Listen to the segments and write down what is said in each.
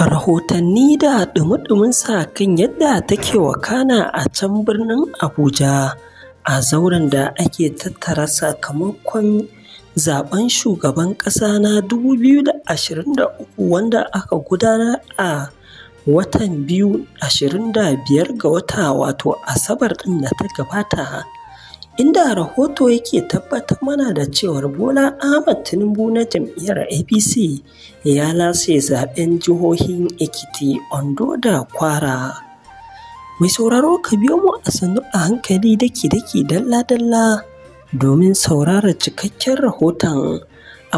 rahotanni da ɗumi sa kan yadda take wakana a can birnin abuja a zauren da ake tattara sakamakon zaben shugaban ƙasa na 2023 wanda aka gudanar a watan biyu 25 ga wata wato asabar ɗin da ta gabata inda rahoto yake tabbatar mana da cewar bola ahmad tinubu na jam'iyyar apc ya lase zaben jihohin ekiti ondo da kwara mai sauraro ka biyo mu a sannu a hankali daki-daki dalla-dalla domin saurara cikakken rahoton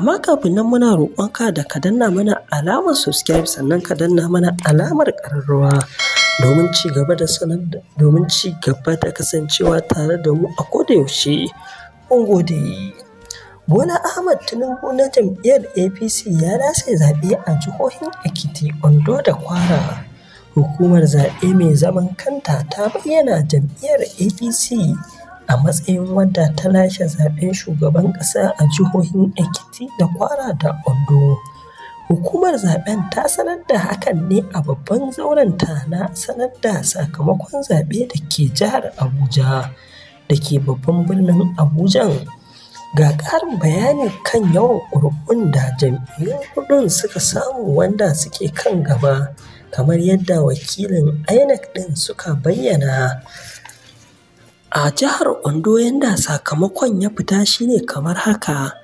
amma kafin nan muna roƙonka da ka danna mana alamar subscribe sannan ka danna mana alamar ƙararrawa domin ci gaba da sanar da domin ci gaba da kasancewa tare da mu a kodayaushe mun gode bola ahmad tinubu na jam'iyyar apc ya lashe zaɓe a jihohin ekiti ondo da kwara hukumar zaɓe mai zaman kanta ta bayyana jam'iyyar apc a matsayin wadda ta lashe zaɓen shugaban ƙasa a jihohin ekiti da kwara da ondo Hukumar zaben ta sanar da hakan ne a babban zauren ta na sanar da sakamakon zaɓe da ke jihar Abuja da ke babban birnin Abujan. Ga ƙarin bayani kan yawan ƙuri'un da jam'iyyun hudun suka samu wanda suke kan gaba kamar yadda wakilin INEC ɗin suka bayyana. A jihar Ondo yadda sakamakon ya fita shine kamar haka.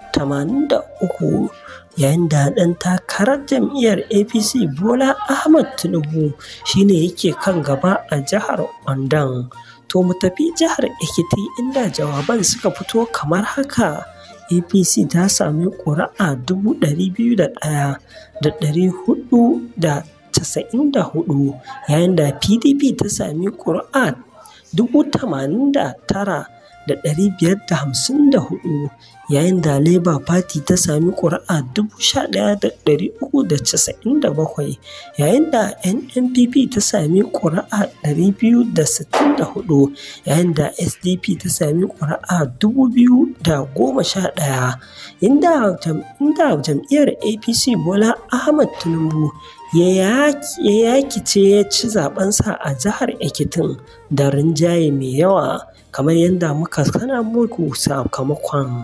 83 yayin da ɗan takarar jam'iyyar apc bola ahmad tinubu shine yake kan gaba a jihar ondon to mu tafi jihar ekiti inda jawaban suka fito kamar haka apc ta sami ƙuri'a 201,494 yayin da pdp ta sami ƙuri'a 89,000 da ɗari biyar da hamsin da hudu yayin da labour party ta sami ƙuri'a dubu sha da ɗari uku da casa'in da bakwai yayin da nnpp ta sami ƙuri'a ɗari biyu da sittin da hudu yayin da sdp ta sami ƙuri'a dubu biyu da goma sha inda jam'iyyar apc bola ahmad tinubu ya yaki ce ya ci zabensa a jihar Ekitin da rinjaye mai yawa kamar yadda muka sana muku sakamakon.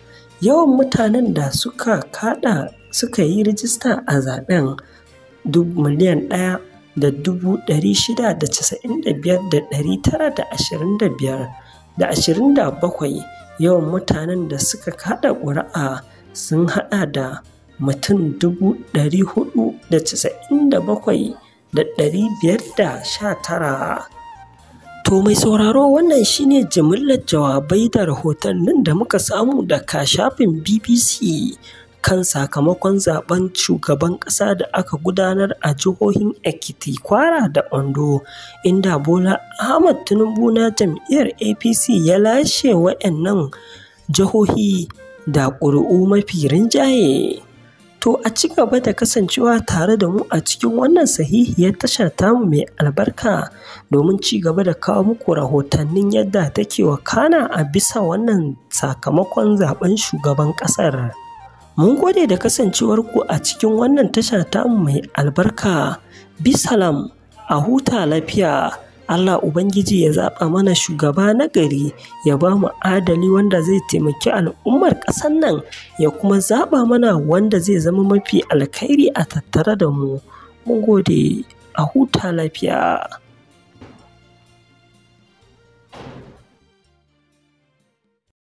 yawan mutanen da suka kada suka yi rijista a zaben miliyan ɗaya da dubu ɗari shida da casa'in da biyar da ɗari tara da ashirin da biyar da ashirin da bakwai yawan mutanen da suka kada ƙuri'a sun haɗa da mutum dubu ɗari hudu da casa'in da bakwai da ɗari biyar da sha tara To mai sauraro wannan shine jimillar jawabai da rahoton nan da muka samu daga shafin BBC kan sakamakon zaben shugaban ƙasa da aka gudanar a jihohin Ekiti, Kwara da Ondo, inda Bola Ahmad Tinubu na jam'iyyar APC ya lashe wa'annan jihohi da ƙuri'u mafi rinjaye. To a ci gaba da kasancewa tare da mu a cikin wannan sahihiyar tashar tamu mai albarka domin ci gaba da kawo muku rahotannin yadda take wakana a bisa wannan sakamakon zaben shugaban ƙasar. Mun gode da kasancewarku a cikin wannan tashar tamu mai albarka. Bisalam a huta lafiya. Allah Ubangiji ya zaɓa mana shugaba na gari ya ba mu adali wanda zai taimaki al'ummar ƙasar nan ya kuma zaɓa mana wanda zai zama mafi alkhairi a tattare da mu. Mun gode a huta lafiya.